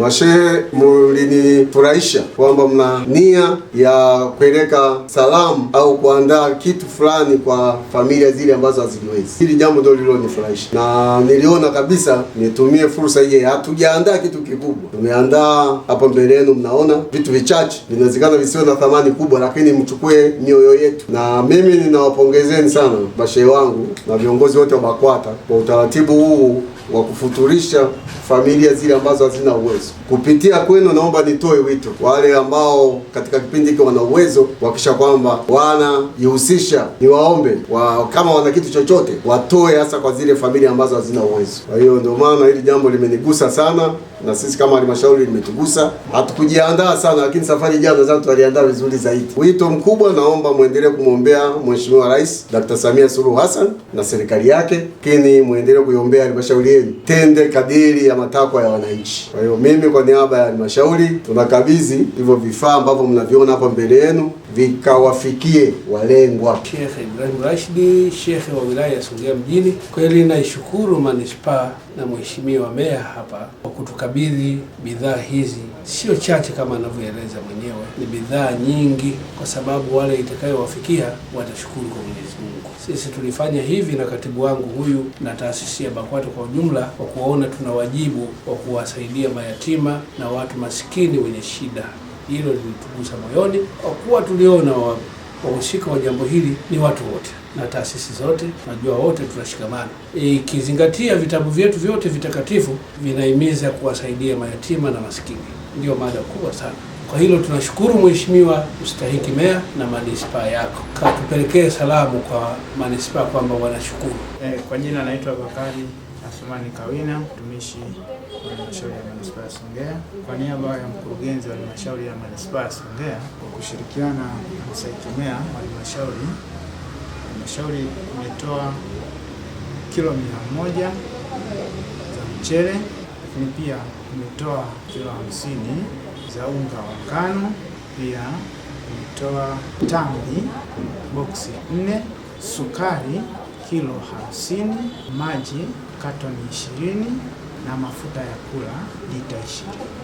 Mashehe, mulinifurahisha kwamba mna nia ya kueleka salamu au kuandaa kitu fulani kwa familia zile ambazo hazijiwezi. Hili jambo ndio lililonifurahisha na niliona kabisa nitumie fursa hii. Hatujaandaa kitu kikubwa, tumeandaa hapa mbele yenu, mnaona vitu vichache, vinawezekana visiwe na thamani kubwa, lakini mchukue mioyo yetu. Na mimi ninawapongezeni sana mashehe wangu na viongozi wote wa BAKWATA kwa utaratibu huu wa kufuturisha familia zile ambazo hazina uwezo. Kupitia kwenu, naomba nitoe wito wale ambao katika kipindi hiki wana uwezo kuhakikisha kwamba wanajihusisha, niwaombe wa, kama wana kitu chochote watoe, hasa kwa zile familia ambazo hazina uwezo. Kwa hiyo ndio maana hili jambo limenigusa sana, na sisi kama halmashauri limetugusa. Hatukujiandaa sana, lakini safari jana nadhani tutaliandaa vizuri zaidi. Wito mkubwa, naomba mwendelee kumwombea Mheshimiwa Rais Dr. Samia Suluhu Hassan na serikali yake, lakini mwendelee kuiombea halmashauri tende kadiri ya matakwa ya wananchi. Kwa hiyo mimi kwa niaba ya halmashauri tunakabidhi hivyo vifaa ambavyo mnaviona hapa mbele yenu vikawafikie walengwa. Shekhe Ibrahim Rashidi, shekhe wa wilaya ya Songea Mjini, kweli naishukuru manispaa na mheshimiwa meya hapa kwa kutukabidhi bidhaa hizi, sio chache kama anavyoeleza mwenyewe, ni bidhaa nyingi, kwa sababu wale itakayowafikia watashukuru kwa Mwenyezi Mungu. Sisi tulifanya hivi na katibu wangu huyu na taasisi ya BAKWATO kwa ujumla ujumla kwa kuona tuna wajibu wa kuwasaidia mayatima na watu masikini wenye shida. Hilo lilitugusa moyoni kwa kuwa tuliona wahusika wa jambo hili ni watu wote na taasisi zote, najua wote tunashikamana, ikizingatia e, vitabu vyetu vyote vitakatifu vinahimiza kuwasaidia mayatima na masikini. Ndiyo mada kubwa sana. Kwa hilo tunashukuru Mheshimiwa Mstahiki Meya na manispaa yako, katupelekee salamu kwa manispaa kwamba wanashukuru. Eh, kwa jina naitwa Bakari Athumani Kawina, mtumishi wa halmashauri ya manispaa ya Songea, kwa niaba ya mkurugenzi wa halmashauri ya manispaa ya Songea kwa kushirikiana na SAICMEA halmashauri, halmashauri imetoa kilo mia moja za mchele, lakini pia imetoa kilo hamsini za unga wa ngano, pia imetoa tambi boksi nne, sukari kilo hamsini, maji katoni ishirini na mafuta ya kula lita ishirini.